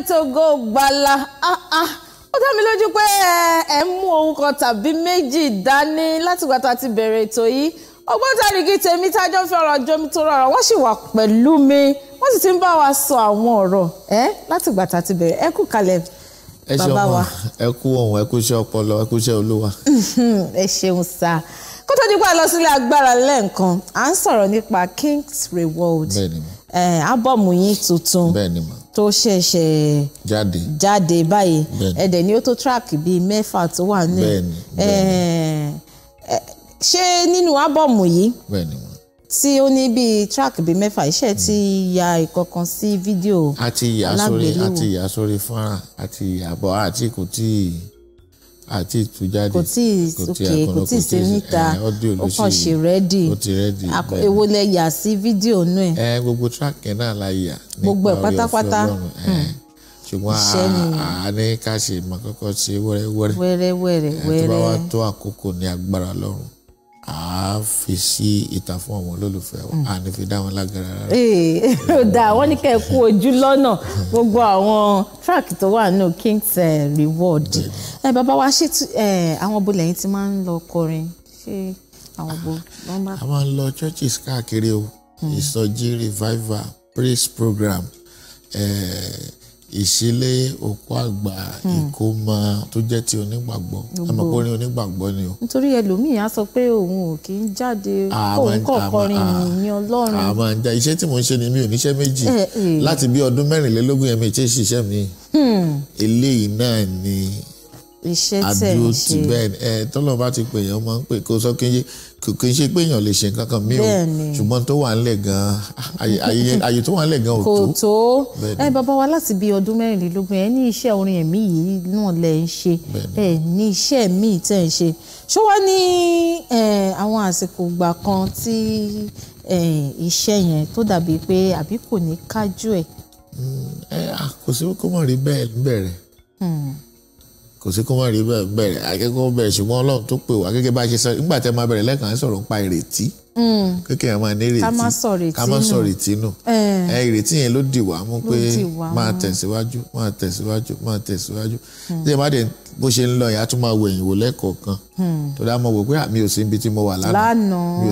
ètò Ògo Ìgbàlà ó dá mi lójú pé ẹ ń mú ohun kan tàbí méjì dání látìgbà tá a ti bẹ̀rẹ̀ ètò yìí ògbóǹtarìgì tèmi tájọ́ fi ọ̀rọ̀ jomi tó rọrọ̀ wọ́n sì wà pẹ̀lú mi wọ́n sì ti ń bá wa sọ àwọn ọ̀rọ̀ ẹ́ látìgbà tá a ti bẹ̀rẹ̀ ẹ kú kalẹ̀ bàbá wa. ẹ kú ọ̀hún ẹ kú iṣẹ́ ọpọlọ ẹ kú iṣẹ́ olúwa. ẹ ṣeun sá kó tó nípa lọ agbára lẹ́ẹ̀kan à ń sọ̀rọ̀ nípa King's Reward ábọ̀mù yín tuntun tó ṣẹ̀ṣẹ̀ jáde jáde báyìí ẹ̀dẹ̀ ni ó tó track bíi mẹ́fà tó wà ní ṣé nínú ábọ̀mù yìí tí ó ní bíi track bíi mẹ́fà iṣẹ́ ti ya ìkọ̀kan sí fídíò alágbèléwò àti ìyà sórí àti ìyà sórí fọ́nrán àti ìyàbọ̀ àti kò tíì àti ìtújáde kò tí ì òkè kò tí ì ṣe níta ó kàn ṣe rẹ́dì èwo lẹ yà sí fídíò nù ẹ. ẹ gbogbo track yẹn náà la yà gbogbo ẹ pátápátá hmm. ṣùgbọ́n a ní ká ṣe ìmọ̀ kọ́kọ́ sí wẹ́rẹ́wẹ́rẹ́ wẹ́rẹ́wẹ́rẹ́ wẹ́rẹ́ tó bá wá tó àkókò ní agbára lọ́rùn a fi sí ìta fún àwọn olólùfẹ́ wa mm. a ní fi dá wọn lágara rárá. ee eh, ó dáa wọ́n ní kẹ́ ẹ kú ojú lọ́nà gbogbo àwọn track tó wà nínú King's eh, Reward ẹ eh, bàbá wa ṣé àwọn bolẹ̀ yìí ti máa ń lọ kọrin ṣé àwọn bo. a máa ń lọ churches káàkiri o mm. ìsọjí revival praise program. Eh, ìṣílé òkú àgbà hmm. ìkómọ tó jẹ́ ti onígbàgbọ́ àmọ́ kó ní onígbàgbọ́ ni o. nítorí ẹlòmíì á sọ pé òun ò kí ń jáde kóun kọ̀ọ̀kọrin ìyìn ọlọ́run. àmọ́ àǹjá iṣẹ́ tí mò ń ṣe ni mi ò níṣẹ́ méjì eh, eh. láti bí ọdún mẹ́rìnlélógún yẹn mi ì ṣe ṣiṣẹ́ mi. Hmm. eléyìí náà ni iṣẹ́ tẹ̀ ń ṣe àdúró ti bẹ́ẹ̀ ẹ tọ́lọ́ bá ti pè yẹn máa ń pè kó sọ kéye kì í ṣe pé èèyàn lè ṣe nǹkan kan mí o ṣùgbọ́n tó wà nílẹ̀ gan-an àyè tó wà nílẹ̀ gan-an kò tó ẹ bàbá wa láti bíi ọdún mẹ́rìnlélógún ẹ ní iṣẹ́ orin ẹ̀mí yìí náà lẹ̀ ń ṣe ẹ ní iṣẹ́ míì tẹ̀ ń ṣe ṣó wá ní àwọn àsìkò ìgbà kan tí iṣẹ́ yẹn tó dàbí pé àbí kò ní kájú ẹ̀. ẹ hmm, kò mọ̀ rí bẹ́ẹ̀ níbẹ̀rẹ̀ hmm kò sí kó má rí bẹ́ẹ̀ bẹ̀rẹ̀ akẹ́kọ̀ọ́ bẹ̀rẹ̀ ṣùgbọ́n ọlọ́run tó pè wá gẹ́gẹ́ bá ṣe sọ nígbà tí a máa bẹ̀rẹ̀ lẹ́ẹ̀kan sọ̀rọ̀ ń pa ìrètí kékeré mm. máa ní ìrètí ká má sọ ìrètí nù ẹ ìrètí yẹn ló dì wá mú pé máa tẹ̀síwájú máa tẹ̀síwájú máa tẹ̀síwájú mm. tí ẹ má dé bó ṣe ń lọ yẹn a tún máa wo ẹ̀yìn wò lẹ́ẹ̀kọ̀ọ̀kan tó dáa mo wò pé ah, mi ò sí ibi tí mo wà lánàá mi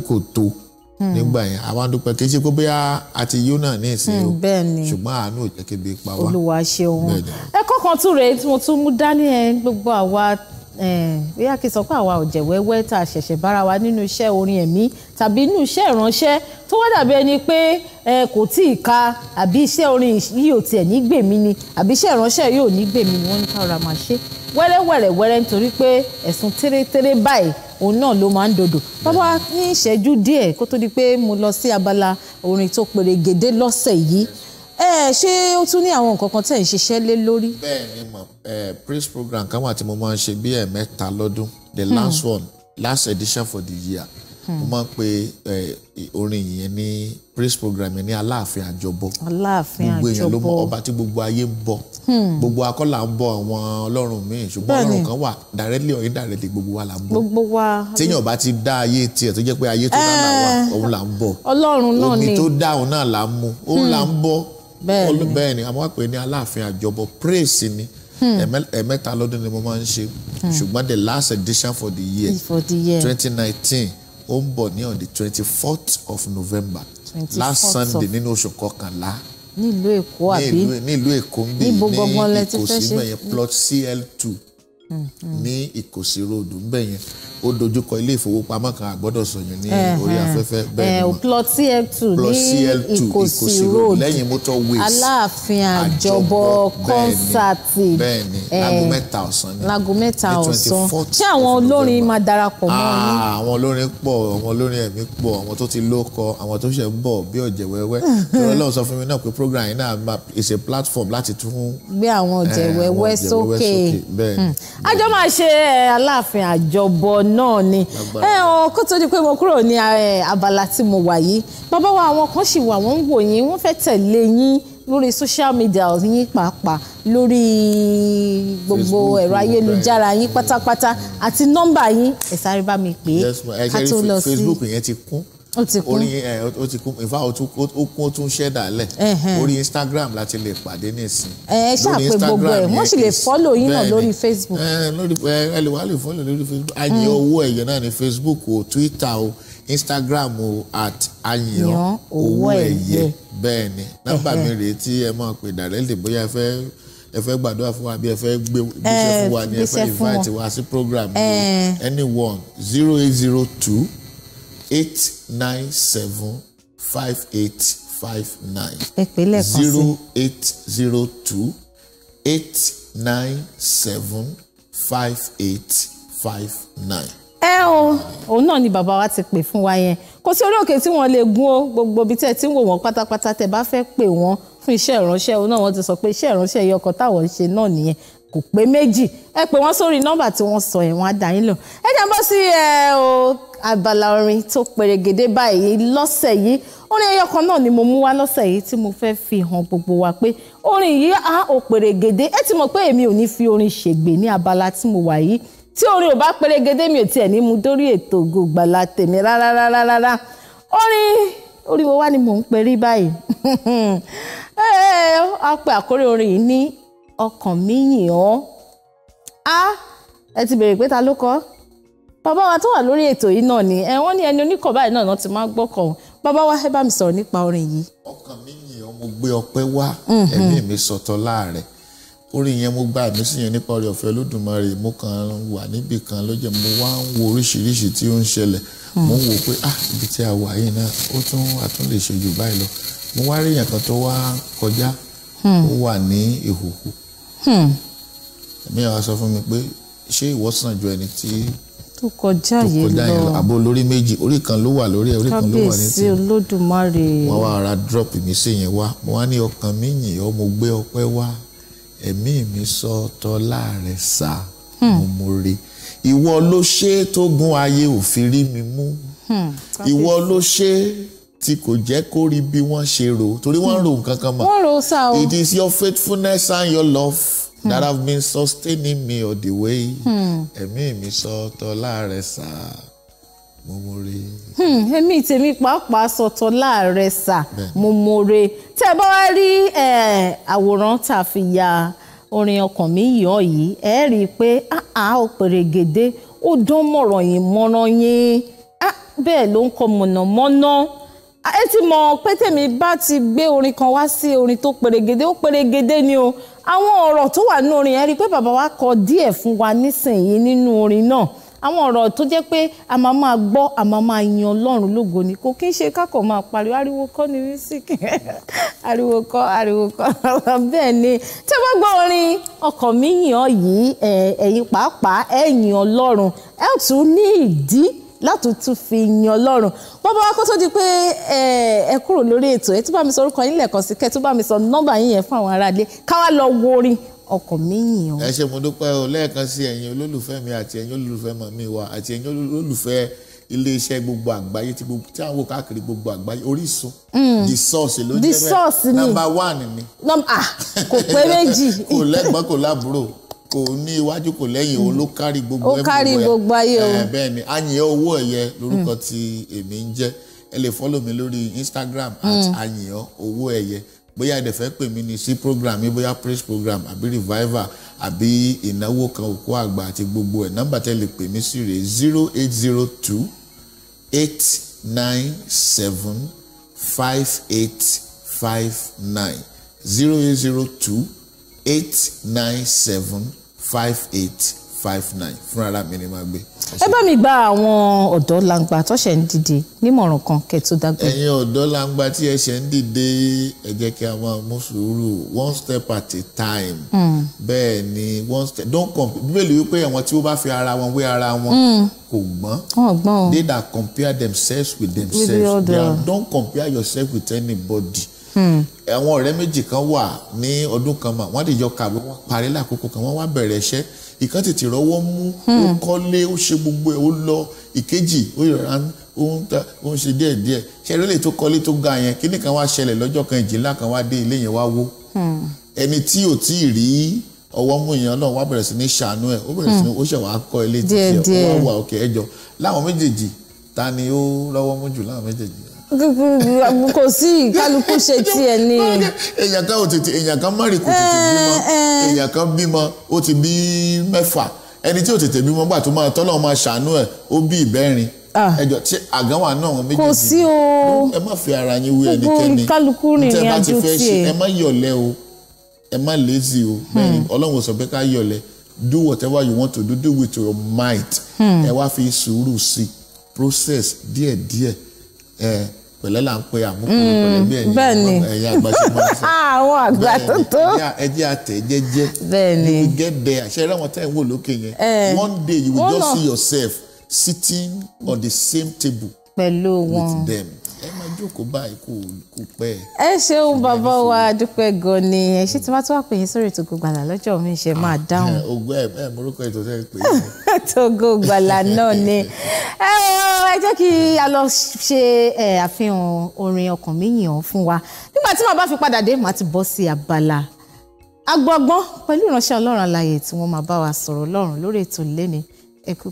ò Hmm. nígbà yẹn àwa dúpẹ́ kì í ṣe pé bóyá àti yóò náà ní ìsìn hmm, o ṣùgbọ́n àánú ò jẹ́ kí ebi pa wá. olúwa ṣeun ẹ̀kọ́ kan tún rèé tí mo tún mú dání ẹ gbogbo àwa bóyá kí n sọ pé àwa ò jẹ̀ wẹ́wẹ́ tá a ṣẹ̀ṣẹ̀ bára wa nínú iṣẹ́ orin ẹ̀mí tàbí inú iṣẹ́ ìránṣẹ́ tó wá dàbí ẹni pé kò tí ì ka àbí iṣẹ́ orin yìí ò tiẹ̀ ní gbèmí ni àbí iṣẹ́ ìránṣẹ́ yìí ò ní gbèmí ni wọ́n ní ká ọ̀rọ̀ àmàṣe wẹ́rẹ́wẹ́rẹ́ wẹ́rẹ́ nítorí pé ẹ̀sùn tẹ́rẹ́tẹ́rẹ́ báyìí òun náà ló máa ń dòdò bàbá ní ìṣẹ́jú díẹ̀ kó tó di pé mo lọ sí abala orin tó pèrègèdè lọ́sẹ̀ yìí ẹ ṣé ó tún ní àwọn nǹkan kan tẹ̀ ń ṣiṣẹ́ lé lórí. bẹ́ẹ̀ni mo praise program kan wà tí mo máa ń ṣe bí ẹ̀ẹ̀mẹ́ta lọ́dún the last hmm. one last edition for the year mo máa ń pe orin yẹn ní praise program yẹn ní aláàfin àjọbọ aláàfin àjọbọ gbogbo èèyàn ló mọ ọba tí gbogbo ayé ń bọ hmm. gbogbo akọ́là ń bọ àwọn ọlọ́run míì ṣùgbọ́n ọlọ́run kan wà directly or indirectly gbogbo wa là ń bọ gbogbo wa téèyàn bá ti dá ayé tiẹ̀ tó jẹ́ pé ayé tó dá là wà eh. òun là ń bọ ọlọ́run náà ni omi tó dá òun náà là ń mu òun là ń hmm. bọ bẹ́ẹ̀ ni àwọn àpè ní aláàfin àjọbọ praise ni hmm. ẹ̀mẹ́ta lọ́dún ni mo máa ń ṣe ṣùgbọ́n the last edition for the year twenty nineteen ó ń bọ̀ ní on the twenty fourth of November last Sunday nínú oṣù kọkànlá nílùú Èkó àbí nílùú Èkó ń bí ní ìkòsí mẹ́yẹn plot CL two ní ìkòsí ròdù ńbẹ yẹn ó dojúkọ ilé ìfowópamọ́ kan àgbọ́dọ̀ sọ̀yìn ní orí afẹ́fẹ́ bẹ́ẹ̀ ni plot cl two ní ìkòsí ròdù lẹ́yìn motor ways aláàfin àjọbọ kọ́nsáàtì bẹ́ẹ̀ ni láago mẹ́ta ọ̀sán ni láago mẹ́ta ọ̀sán ṣé àwọn olórin máa darapọ̀ mọ́ ọ ní. Ah, àwọn olórin pọ̀ àwọn olórin ẹ̀mí pọ̀ àwọn tó ti lóko àwọn tó ṣẹ̀ ń bọ̀ bí ọ̀jẹ̀ wẹ́wẹ́ tó lọ́wọ́ sọ a platform láti tún àjọ máa ṣe aláàfin àjọbọ náà ni kó tó di pé mo kúrò ní abala tí mo wà yìí bàbá wa àwọn kan sì wà wọ́n ń wò yín wọ́n fẹ́ tẹ̀lé yín lórí social media yín pàápàá lórí gbogbo ẹ̀rọ ayélujára yín pátápátá àti nọ́mbà yín ẹ sáré bá ká tó lọ sí Facebook yẹn ti kún orí ẹ o ti kún ìfá o kún o tún ṣẹ́dà lẹ̀ orí instagram láti lè pàdé nísìn. ẹ ṣàpè gbogbo mo wọn sì lè fọ́lò yín náà lórí facebook. ẹ eh, lórí ẹ eh, ẹ lè wá lè fọ́lò lórí facebook ayin owó ẹ̀yẹ náà ní facebook o twitter o instagram o at ayin owó ẹ̀yẹ bẹ́ẹ̀ ni nọ́mbà mi rèé tí ẹ máa pè dàrẹ́lì bóyá ẹ fẹ́ ẹ fẹ́ gbàdúrà fún wa bí ẹ fẹ́ gbé eh, gbèsè fún wa ni ẹ fẹ́ invite wa sí program ni anyone zero eight zero two eight nine seven five eight five nine zero eight zero two eight nine seven five eight five nine. ẹ o òun náà ni bàbá wa ti pè fún wa yẹn kò sí orí òkè tí wọ́n lè gún o gbogbo ibi tẹ́ ẹ ti ń wò wọ́n pátápátá tẹ́ bá fẹ́ pè wọ́n fún iṣẹ́ ìránṣẹ́ òun náà wọ́n ti sọ pé iṣẹ́ ìránṣẹ́ ẹyọ kan táwọn ń ṣe náà nìyẹn kò pé méjì ẹ pè wọ́n sórí nọ́mbà tí wọ́n sọ yẹn wọ́n á dá yín lò ẹ jẹ́ bọ́ sí ẹ o abala orin tó pèrègèdè báyìí lọ́sẹ̀ yìí orin ẹyọ kan náà ni mo mú wá lọ́sẹ̀ yìí tí mo fẹ́ fi hàn gbogbo wa pé orin yìí á ò pèrègèdè ẹ ti mọ̀ pé èmi ò ní fi orin ṣègbè ní abala tí mo wà yìí tí orin ò bá pèrègèdè mi ò tiẹ̀ ní mu dórí ètò Ògo Ìgbàlà tèmi rárá rárá rárá orin orin wo wá ni mò ń perí báyìí a pe àkórí orin yìí ní ọkàn mi yìn ọ́ a ẹ ti béèrè pé ta ló kọ bàbá wa tó wà lórí ètò yìí náà ni ẹ wọ́n ní ẹni oníkọ̀ báyìí náà ti máa ń gbọ́kọ̀ wọn bàbá wa ẹ bá mi sọ̀rọ̀ nípa orin yìí. ọkàn mi yìn ọ mo gbé ọpẹ́ wá mm-hmm. ẹ̀mí mi sọ̀tọ̀ láàrẹ orin yẹn mo gba àmì sí yẹn nípa orí ọ̀fẹ́ olódùmarè mo kàn wà níbì kan ló mo wá ń wo oríṣiríṣi tí ó ń ṣẹlẹ̀ mm. mo ń wò pé ah ibi tí a wà yìí náà ó tún a tún lè ṣe jù báyìí lọ mo wá rí èèyàn kan tó wá kọjá hmm. ó wà hmm. ìwọ sàn ju ẹni tí tó kọjá yìí lọ tó kọjá yìí lọ àbò lórí méjì orí kan ló wà lórí orí kan ló wà ní ti olódùmarè wọn wá ara drop mi sí yẹn wá mo wá ní ọkàn mi yìn ọ mo gbé ọpẹ́ wá ẹ̀mí mi sọ tọlá rẹ sá hmm. mo mo re ìwọ ló ṣe tó gun ayé òfin rí mi mú hmm, ìwọ ló ṣe tí kò jẹ́ kó rí bí wọ́n ṣe rò torí wọ́n hmm. rò nǹkan kan mọ̀ it is your faithfulness and your love Mm. that have been sustaining me all the way. Hmm. ẹ̀mí mi sọ tọ́lá rẹ̀ sà mo more. Hmm. ẹ̀mí tèmi pàápàá sọ tọ́lá rẹ̀ sà mo more. tẹ́ ẹ bá wá rí àwòrán tá a fi ya orin ọkàn mi yọ̀ yìí ẹ rí i pé àá ó pèrègèdè ó dán mọ̀rọ̀ yìí mọ́rán yín bẹ́ẹ̀ ló ń kọ mọ̀nàmọ́ná ẹ ti mọ̀ pé tèmi bá ti gbé orin kan wá sí orin tó pèrègèdè ó pèrègèdè ni o àwọn ọ̀rọ̀ tó wà nínú orin yẹn rí i pé bàbá wa kọ díẹ̀ fún wa nísìnyí nínú orin náà àwọn ọ̀rọ̀ tó jẹ́ pé a máa máa gbọ́ a máa máa yan Ọlọ́run lógo ni kò kí n ṣe kákọ̀ máa pariwo ariwo kọ́ ni mísíkì ariwo kọ́ ariwo kọ́ bẹ́ẹ̀ ni tí a bá gbọ́ orin ọkàn mi yìn yìí ẹ̀yin pàápàá ẹ̀yìn Ọlọ́run ẹ̀ tún ní ìdí látúntún fi yan Ọlọ́run bàbá wa kó tó di pé ẹ kúrò lórí ètò ẹ tún bá mi sọ orúkọ yín lẹ́ẹ̀kan sí kẹ́ tún bá mi sọ nọ́mbà yín yẹn fún àwọn aráalé káwá lọ wo orin ọkọ̀ méyìn o. ẹ ṣe mo dúpẹ́ o lẹ́ẹ̀kan sí ẹ̀yin olólùfẹ́ mi àti ẹ̀yin olólùfẹ́ mọ̀mí wa àti ẹ̀yin olólùfẹ́ iléeṣẹ́ gbogbo àgbáyé tí gbogbo tí káàkiri gbogbo àgbáyé Orísun. Mm. the source ló jẹ́ bẹ́ẹ̀ number one ni. Ah, kò pé méjì. kò lẹ́gbọ́n kò lábúrò kò ní iwájú kò lẹ́yìn òun ló kárí gbogbo ẹ̀ ó kárí gbogbo ayé o eh, bẹ́ẹ̀ ni àyìn owó ẹ̀yẹ lórúkọ mm. tí èmi ń jẹ́ ẹ lè follow mi lórí Instagram at àyìn mm. owó ẹ̀yẹ bóyá ẹ dẹ̀ fẹ́ pè mí ní sí program mi bóyá praise program àbí revival àbí ìnáwó kan òkú àgbà àti gbogbo ẹ̀ nọ́mbà tẹ́ lè pè mí sí rèé zero eight zero two eight nine seven five eight five nine zero eight zero two. 8975859 fúnra mi ni màá gbé. ẹ bá mi gba àwọn ọ̀dọ́ langba tó ṣẹ̀ ń dìde nímọ̀ràn kan kẹ́ tó dágbé. ẹ̀yin ọ̀dọ́ langba tí ẹ ṣẹ̀ ń dìde ẹ jẹ́ kí a máa mú sùúrù one step at a time. Mm. bẹ́ẹ̀ ni one step don't compare bíbélì wípé àwọn tí ó bá fi ara wọn wé ara wọn hmm. kò gbọ́n they that compare themselves with themselves with don't compare yourself with anybody. Hmm. àwọn ọ̀rẹ́ méjì kan wà ní ọdún kan mà wọ́n àdìjọ kàwé wọ́n parí lákòókò kan wọ́n wá bẹ̀rẹ̀ iṣẹ́ ìkan tètè rọ́wọ́ mú ó hmm. kọ́lé ó ṣe gbogbo ẹ̀ ó lọ ìkejì ó yọ̀rọ̀ ó ń ṣe díẹ̀ díẹ̀ ṣẹ́rí lè tó kọ́lé tó ga yẹn kíní kan wá ṣẹlẹ̀ lọ́jọ́ kan ìjìnlá kan wá dé ilé yẹn wá wó hmm. ẹni tí ò tí ì rí ọwọ́ mú yẹn náà wá bẹ̀rẹ̀ sí ní ṣàánú ẹ̀ ó bẹ̀rẹ̀ sí ní ó ṣẹ̀ wá kọ́ ilé títí ó wá wà òkè ẹjọ́ láwọn méjèèjì ta ni ó rọ́wọ́ mú jù láwọn méjèèjì kò sí kálukú ṣe tiẹ̀ ni. èèyàn kan ò tètè èèyàn kan mọ́rì kò tètè eh, bímọ eh. èèyàn kan bímọ ó ti bí mẹ́fà ẹni tí ò tètè bímọ gbà tó máa tọ́lọ́ máa ṣàánú ẹ̀ ó bí ìbẹ́rin ah. ẹjọ tí àgánwà náà wọn méjèèjì kò sí o ẹ má fi ara yín wé ẹnikẹ́ni kálukú rìnrìn àjò tiẹ̀ ẹ má yọ̀lẹ́ o ẹ má lazy o hmm. bẹ́ẹ̀ni ọlọ́run sọ pé ká yọ̀lẹ́ do whatever you want to do do with your might hmm. ẹ wá fi sùúrù si process díẹ̀díẹ̀ ẹ. Eh, pẹ̀lẹ́ là ń pe àmúkúrú pẹ̀lẹ́ mm, bí ẹ̀yin ẹ̀yin àgbà ṣe máa ń sọ. Ah, àwọn àgbà tó tó. ẹjẹ àtẹ jẹjẹ. bẹ́ẹ̀ni you will get there ṣe eré àwọn tẹ́ ẹ̀ ń wò lókè yẹn. Eh, one day you will just see yourself sitting on the same table. pẹ̀lú wọn with them jókòó báyìí kò kò pẹ́. ẹ ṣeun bàbá wa dúpẹ́ gan ni ẹ ṣé tí wọ́n ti wá pè yín sórí Ògo Ìgbàlà lọ́jọ́ mi ṣe máa ah, dáhùn. ogun ẹ ẹ morúkọ ètò tẹ́ ẹ pè é. Ògo Ìgbàlà náà ni ẹ o ẹ jẹ́ kí a lọ ṣe àfihàn orin ọkàn mi yìn ọ́ fún wa nígbà tí màá bá fi padà dé màá ti bọ́ sí abala agbọgbọ́n pẹ̀lú ìránṣẹ́ Ọlọ́run àlàyé tí wọ́n máa bá wa sọ̀rọ̀ Ọlọ́run lórí ètò lẹ́ni ẹ kú